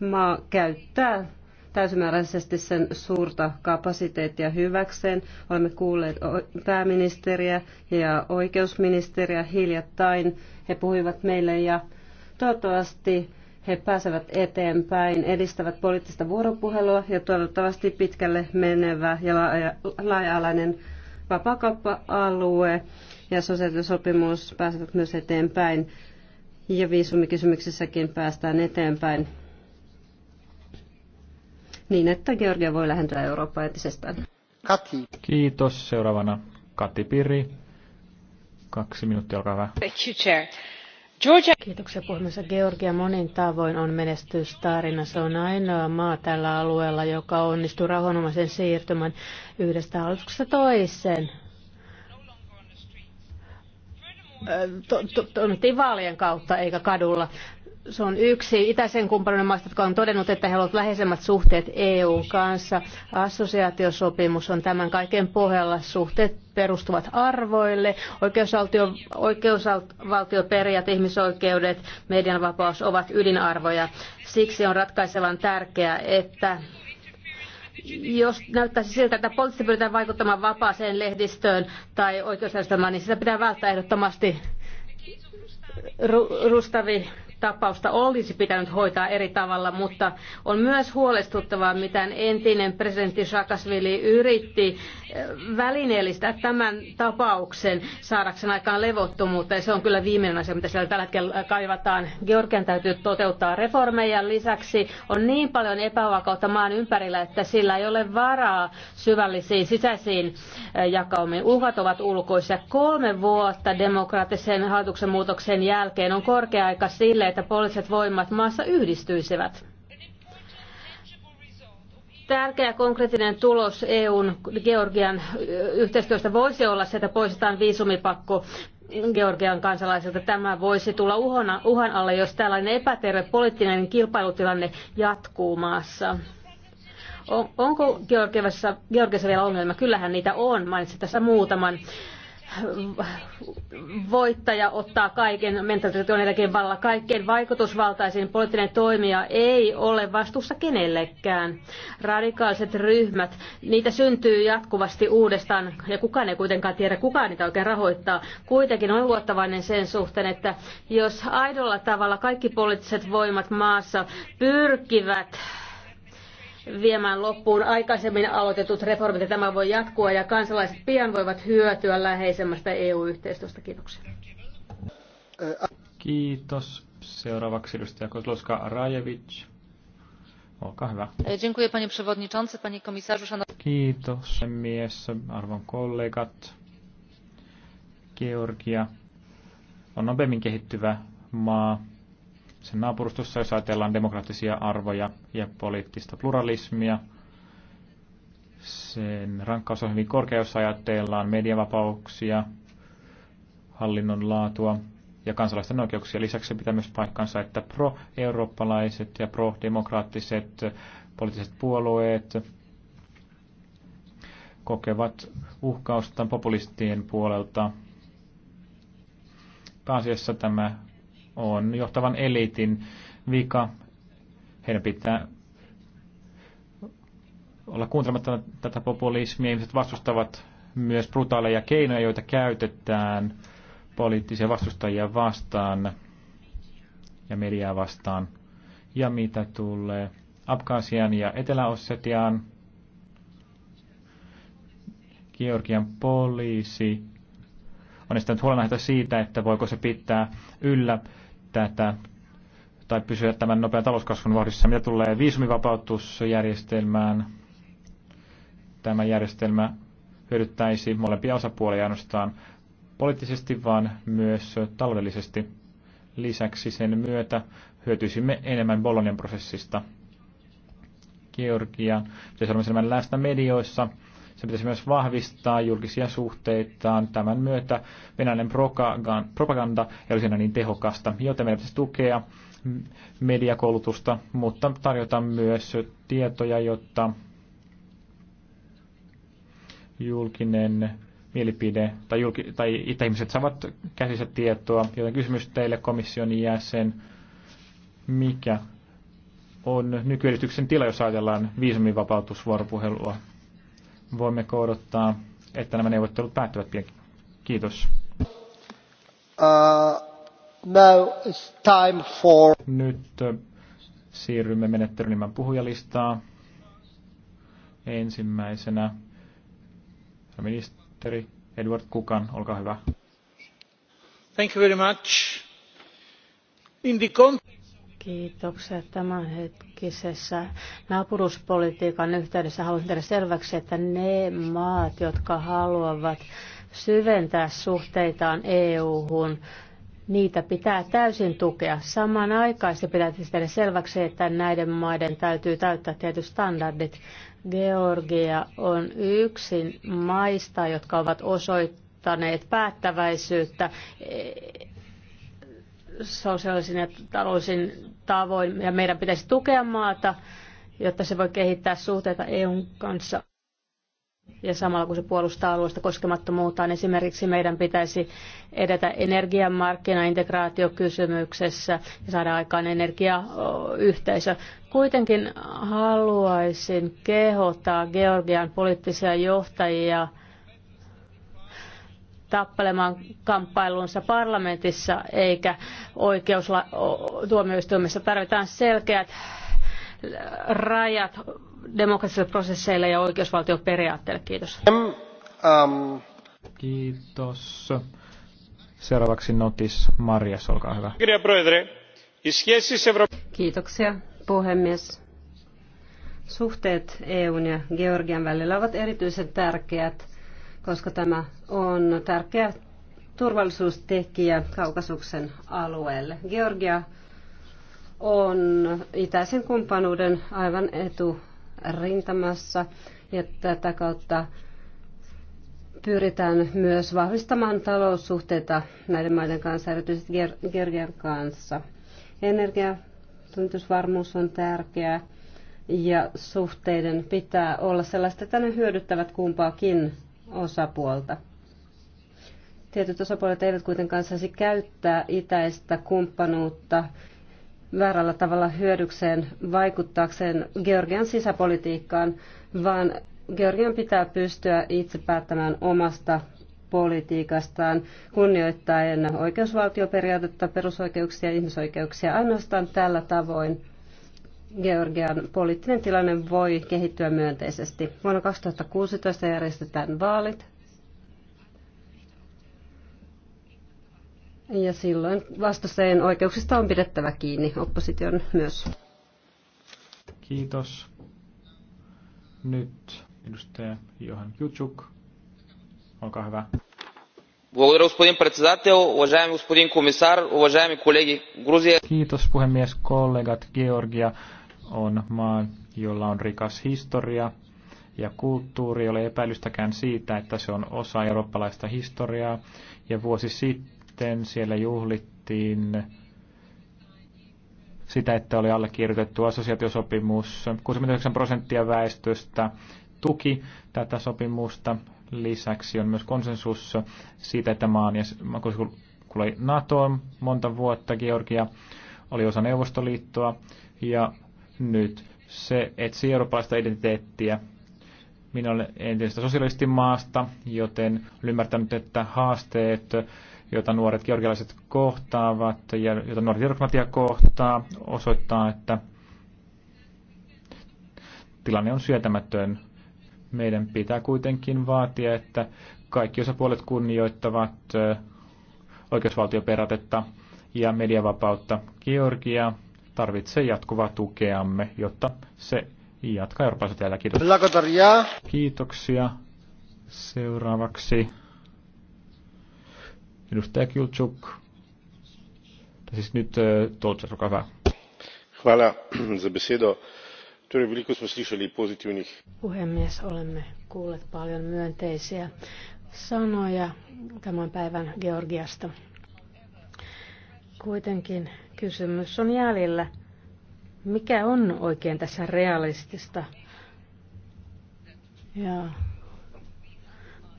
maa käyttää täysimääräisesti sen suurta kapasiteettia hyväkseen. Olemme kuulleet pääministeriä ja oikeusministeriä hiljattain. He puhuivat meille ja toivottavasti he pääsevät eteenpäin, edistävät poliittista vuoropuhelua ja toivottavasti pitkälle menevä ja laaja-alainen vapaakauppa-alue ja sosiaalisopimus pääsevät myös eteenpäin ja viisumikysymyksissäkin päästään eteenpäin niin, että Georgia voi lähentää Eurooppaa entisestään. Kati. Kiitos. Seuraavana Kati Piri. Kaksi minuuttia, olkaa hyvä. Thank you, Chair. Georgia... Kiitoksia puhemies. Georgia monin tavoin on menestystarina. Se on ainoa maa tällä alueella, joka onnistuu rauhanomaisen siirtymän yhdestä hallituksesta toiseen toimittiin vaalien kautta eikä kadulla. Se on yksi itäisen kumppanuuden maista, jotka on todennut, että he ovat läheisemmät suhteet eu kanssa. Assosiaatiosopimus on tämän kaiken pohjalla. Suhteet perustuvat arvoille. Oikeusvaltio, oikeusvaltioperiaate, ihmisoikeudet, medianvapaus ovat ydinarvoja. Siksi on ratkaisevan tärkeää, että jos näyttäisi siltä, että poliittisesti pyritään vaikuttamaan vapaaseen lehdistöön tai oikeusjärjestelmään, niin sitä pitää välttää ehdottomasti. Rustavi tapausta olisi pitänyt hoitaa eri tavalla, mutta on myös huolestuttavaa, miten entinen presidentti Saakasvili yritti eh, välineellistää tämän tapauksen saadakseen aikaan levottomuutta, ja se on kyllä viimeinen asia, mitä siellä tällä hetkellä kaivataan. Georgian täytyy toteuttaa reformeja lisäksi. On niin paljon epävakautta maan ympärillä, että sillä ei ole varaa syvällisiin sisäisiin eh, jakaumiin. Uhat ovat ulkoisia. Kolme vuotta demokraattisen hallituksen muutoksen jälkeen on korkea aika sille, että poliittiset voimat maassa yhdistyisivät. Tärkeä konkreettinen tulos EUn Georgian yhteistyöstä voisi olla se, että poistetaan viisumipakko Georgian kansalaisilta. Tämä voisi tulla uhana, uhan alle, jos tällainen epäterve poliittinen kilpailutilanne jatkuu maassa. On, onko Georgiassa, Georgiassa vielä ongelma? Kyllähän niitä on. Mainitsin tässä muutaman voittaja ottaa kaiken, mentaliteetti on edelläkin valla. Kaikkein vaikutusvaltaisin poliittinen toimija ei ole vastuussa kenellekään. Radikaaliset ryhmät, niitä syntyy jatkuvasti uudestaan ja kukaan ei kuitenkaan tiedä, kukaan niitä oikein rahoittaa. Kuitenkin on luottavainen sen suhteen, että jos aidolla tavalla kaikki poliittiset voimat maassa pyrkivät viemään loppuun aikaisemmin aloitetut reformit ja tämä voi jatkua ja kansalaiset pian voivat hyötyä läheisemmästä EU-yhteistyöstä. Kiitoksia. Kiitos. Seuraavaksi edustaja Kozloska Rajevic. Olkaa hyvä. E, dziękuję panie przewodniczący, panie komisarzu, szanowni... Kiitos mies, arvon kollegat. Georgia on nopeammin kehittyvä maa sen naapurustossa, jos ajatellaan demokraattisia arvoja ja poliittista pluralismia. Sen rankkaus on hyvin korkea, jos ajatellaan medianvapauksia, hallinnon laatua ja kansalaisten oikeuksia. Lisäksi pitää myös paikkansa, että pro-eurooppalaiset ja pro-demokraattiset poliittiset puolueet kokevat uhkausta populistien puolelta. Pääasiassa tämä on johtavan eliitin vika. Heidän pitää olla kuuntelematta tätä populismia. Ihmiset vastustavat myös brutaaleja keinoja, joita käytetään poliittisia vastustajia vastaan ja mediaa vastaan. Ja mitä tulee Abkhazian ja Etelä-Ossetiaan, Georgian poliisi on esittänyt huolenaiheita siitä, että voiko se pitää yllä tätä tai pysyä tämän nopean talouskasvun vauhdissa. Mitä tulee viisumivapautusjärjestelmään, tämä järjestelmä hyödyttäisi molempia osapuolia ainoastaan poliittisesti, vaan myös taloudellisesti. Lisäksi sen myötä hyötyisimme enemmän Bolonian prosessista. Georgia, jos olla läsnä medioissa se pitäisi myös vahvistaa julkisia suhteitaan. Tämän myötä venäläinen propaganda ei olisi enää niin tehokasta, joten meidän pitäisi tukea mediakoulutusta, mutta tarjota myös tietoja, jotta julkinen mielipide tai, julki, tai itse ihmiset saavat käsissä tietoa. Joten kysymys teille komission jäsen, mikä on nykyedistyksen tila, jos ajatellaan viisumivapautusvuoropuhelua? voimme odottaa, että nämä neuvottelut päättyvät pian? Kiitos. Uh, now it's time for... Nyt äh, siirrymme menettelynimän puhujalistaa. Ensimmäisenä ministeri Edward Kukan, olkaa hyvä. Thank you very much. In the context Kiitokset Tämänhetkisessä naapuruspolitiikan yhteydessä haluan tehdä selväksi, että ne maat, jotka haluavat syventää suhteitaan EU-hun, niitä pitää täysin tukea. Samanaikaisesti pitää tehdä selväksi, että näiden maiden täytyy täyttää tietyt standardit. Georgia on yksin maista, jotka ovat osoittaneet päättäväisyyttä e, sosiaalisen ja talousin tavoin ja meidän pitäisi tukea maata, jotta se voi kehittää suhteita EUn kanssa. Ja samalla kun se puolustaa alueesta koskemattomuuttaan, esimerkiksi meidän pitäisi edetä energiamarkkinaintegraatiokysymyksessä ja saada aikaan energiayhteisö. Kuitenkin haluaisin kehottaa Georgian poliittisia johtajia – tappelemaan kamppailunsa parlamentissa eikä oikeustuomioistuimessa. Tarvitaan selkeät rajat demokraattisille prosesseille ja oikeusvaltioperiaatteille. Kiitos. Ähm. Kiitos. Seuraavaksi Notis Marjas, olkaa hyvä. Kiitoksia, puhemies. Suhteet EUn ja Georgian välillä ovat erityisen tärkeät koska tämä on tärkeä turvallisuustekijä Kaukasuksen alueelle. Georgia on itäisen kumppanuuden aivan eturintamassa ja tätä kautta pyritään myös vahvistamaan taloussuhteita näiden maiden kanssa, erityisesti Georgian kanssa. Energia, toimitusvarmuus on tärkeää ja suhteiden pitää olla sellaista, että ne hyödyttävät kumpaakin osapuolta. Tietyt osapuolet eivät kuitenkaan saisi käyttää itäistä kumppanuutta väärällä tavalla hyödykseen vaikuttaakseen Georgian sisäpolitiikkaan, vaan Georgian pitää pystyä itse päättämään omasta politiikastaan kunnioittaen oikeusvaltioperiaatetta, perusoikeuksia ja ihmisoikeuksia. Ainoastaan tällä tavoin Georgian poliittinen tilanne voi kehittyä myönteisesti. Vuonna 2016 järjestetään vaalit. Ja silloin vastustajien oikeuksista on pidettävä kiinni, opposition myös. Kiitos. Nyt edustaja Johan Jutsuk. Olkaa hyvä. Благодаря, господин председател, уважаеми господин комисар, уважаеми колеги. Грузия... Kiitos puhemies, kollegat. Georgia on maa, jolla on rikas historia ja kulttuuri, ei ole epäilystäkään siitä, että se on osa eurooppalaista historiaa. Ja vuosi sitten siellä juhlittiin sitä, että oli allekirjoitettu assosiaatiosopimus. 69 prosenttia väestöstä tuki tätä sopimusta. Lisäksi on myös konsensus siitä, että maan ja kun oli NATO monta vuotta, Georgia oli osa Neuvostoliittoa ja nyt. Se etsii eurooppalaista identiteettiä. Minä olen entisestä sosialistimaasta, joten olen ymmärtänyt, että haasteet, joita nuoret georgialaiset kohtaavat ja joita nuoret demokratia kohtaa, osoittaa, että tilanne on syötämätön. Meidän pitää kuitenkin vaatia, että kaikki osapuolet kunnioittavat oikeusvaltioperatetta ja mediavapautta. Georgiaa tarvitsee jatkuvaa tukeamme, jotta se jatkaa Euroopassa täällä. Kiitos. Kiitoksia. Seuraavaksi edustaja Kiltsuk. Siis nyt Tolčar, olkaa hyvä. Hvala za besedo. Torej, veliko smo slišali pozitivnih. Puhemies, olemme kuulleet paljon myönteisiä sanoja tämän päivän Georgiasta. Kuitenkin Kysymys on jäljellä. Mikä on oikein tässä realistista? Ja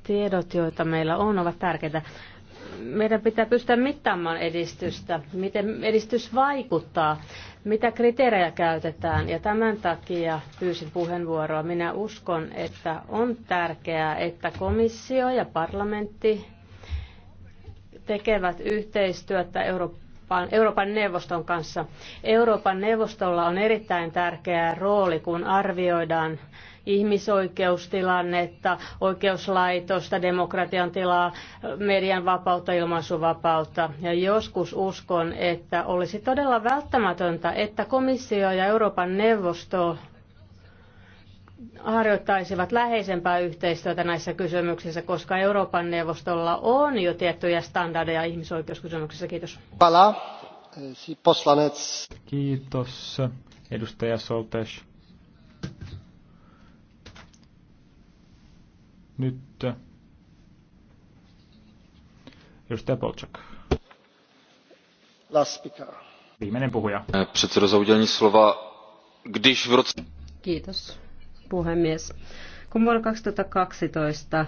tiedot, joita meillä on, ovat tärkeitä. Meidän pitää pystyä mittaamaan edistystä, miten edistys vaikuttaa, mitä kriteerejä käytetään. Ja tämän takia pyysin puheenvuoroa. Minä uskon, että on tärkeää, että komissio ja parlamentti tekevät yhteistyötä Euroopan Euroopan, Euroopan neuvoston kanssa. Euroopan neuvostolla on erittäin tärkeä rooli, kun arvioidaan ihmisoikeustilannetta, oikeuslaitosta, demokratian tilaa, median vapautta, ilmaisuvapautta. Ja joskus uskon, että olisi todella välttämätöntä, että komissio ja Euroopan neuvosto harjoittaisivat läheisempää yhteistyötä näissä kysymyksissä, koska Euroopan neuvostolla on jo tiettyjä standardeja ihmisoikeuskysymyksissä. Kiitos. Pala. Poslanec. Kiitos, edustaja Soltes. Nyt edustaja Polčak. Laspika. Viimeinen puhuja. Předsedo, za udělení slova. Když v roce... Kiitos puhemies. Kun vuonna 2012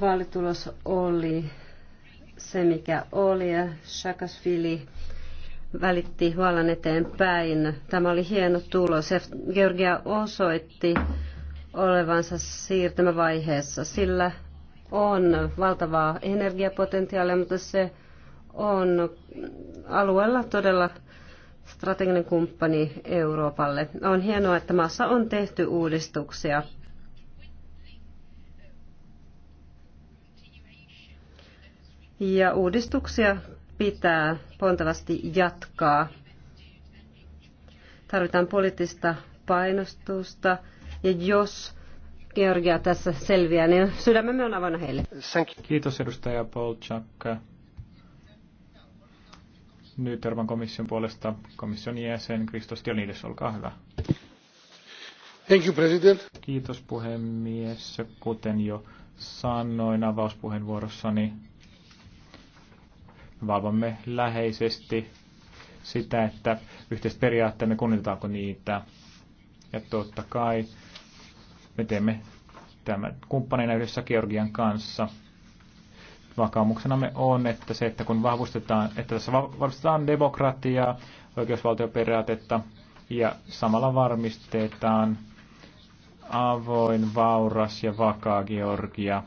vaalitulos oli se, mikä oli, ja Shakasvili välitti vallan eteenpäin. Tämä oli hieno tulos. Georgia osoitti olevansa siirtymävaiheessa. Sillä on valtavaa energiapotentiaalia, mutta se on alueella todella strateginen kumppani Euroopalle. On hienoa, että maassa on tehty uudistuksia. Ja uudistuksia pitää pontavasti jatkaa. Tarvitaan poliittista painostusta ja jos Georgia tässä selviää, niin sydämemme on avoinna heille. Kiitos edustaja Polchak. Nyt Euroopan komission puolesta komission jäsen Kristos Dionides, olkaa hyvä. Thank you, President. Kiitos puhemies. Kuten jo sanoin avauspuheenvuorossani, valvomme läheisesti sitä, että yhteiset periaatteemme kunnitetaanko niitä. Ja totta kai me teemme tämän kumppaneina yhdessä Georgian kanssa. Vakaumuksenamme on, että se, että kun vahvistetaan, että tässä vahvistetaan demokratiaa, oikeusvaltioperiaatetta ja samalla varmistetaan avoin, vauras ja vakaa Georgia.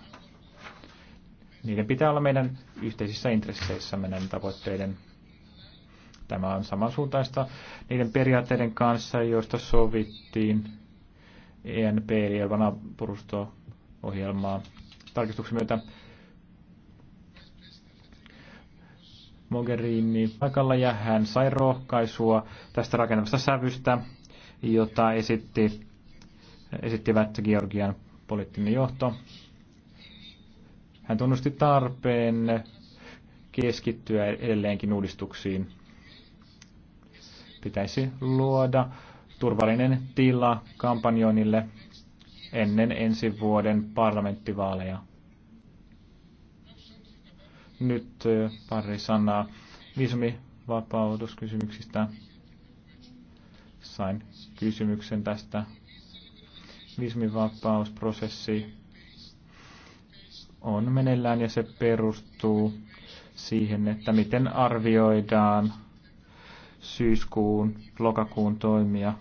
Niiden pitää olla meidän yhteisissä intresseissä meidän tavoitteiden. Tämä on samansuuntaista niiden periaatteiden kanssa, joista sovittiin ENP eli Elvana Purusto-ohjelmaa tarkistuksen myötä Mogherini paikalla ja hän sai rohkaisua tästä rakennavasta sävystä, jota esitti, esittivät Georgian poliittinen johto. Hän tunnusti tarpeen keskittyä edelleenkin uudistuksiin. Pitäisi luoda turvallinen tila kampanjoinnille ennen ensi vuoden parlamenttivaaleja. Nyt pari sanaa viisumivapautuskysymyksistä. Sain kysymyksen tästä. Viisumivapausprosessi on meneillään ja se perustuu siihen, että miten arvioidaan syyskuun, lokakuun toimia.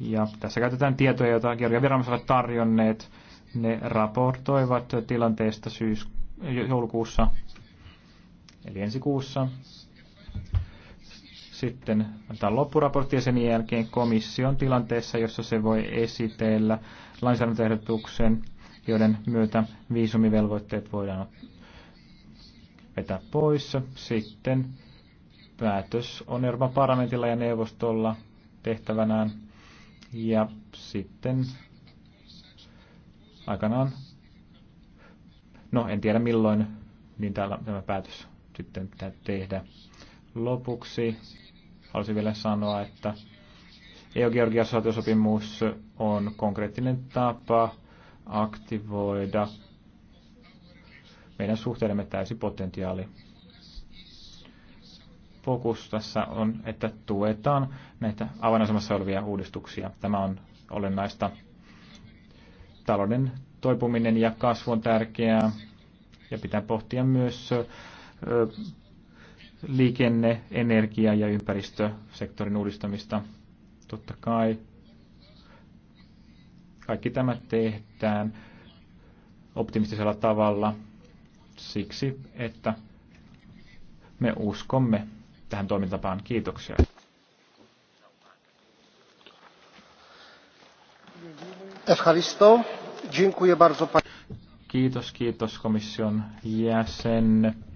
Ja tässä käytetään tietoja, joita Georgian viranomaiset ovat tarjonneet. Ne raportoivat tilanteesta syys- joulukuussa eli ensi kuussa. Sitten antaa loppuraportti ja sen jälkeen komission tilanteessa, jossa se voi esitellä lainsäädäntöehdotuksen, joiden myötä viisumivelvoitteet voidaan vetää pois. Sitten päätös on Euroopan parlamentilla ja neuvostolla tehtävänään. Ja sitten aikanaan, no en tiedä milloin, niin täällä tämä päätös sitten pitää tehdä. Lopuksi haluaisin vielä sanoa, että eu georgia sopimus on konkreettinen tapa aktivoida meidän suhteellemme täysi potentiaali. Fokus tässä on, että tuetaan näitä avainasemassa olevia uudistuksia. Tämä on olennaista. Talouden toipuminen ja kasvu on tärkeää ja pitää pohtia myös liikenne, energia- ja ympäristösektorin uudistamista. Totta kai kaikki tämä tehdään optimistisella tavalla siksi, että me uskomme tähän toimintapaan. Kiitoksia. Kiitos, kiitos komission jäsen.